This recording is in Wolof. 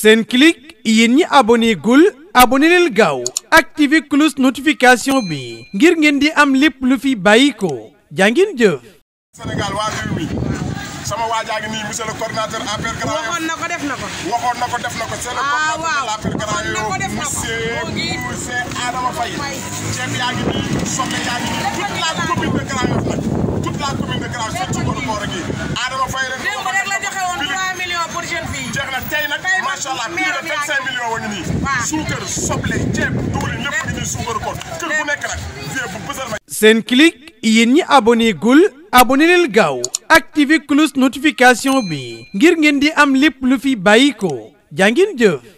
Senclic yéen ñi abonné gul abonné leen gaaw activé cloche notification bi ngir ngeen di am lépp lu fi bàyyi ko jàngin jëf. Sénégal waa réew ngi nii monsieur le coordinateur APR Grand waxoon na ko def na ko. waxoon na ko def na ko. ngi nii. jox na tey ñi abonné gul abonné leen gaaw activé notification bi ngir ngeen di am lépp lu fi bàyyi ko jaa ngeen jëf.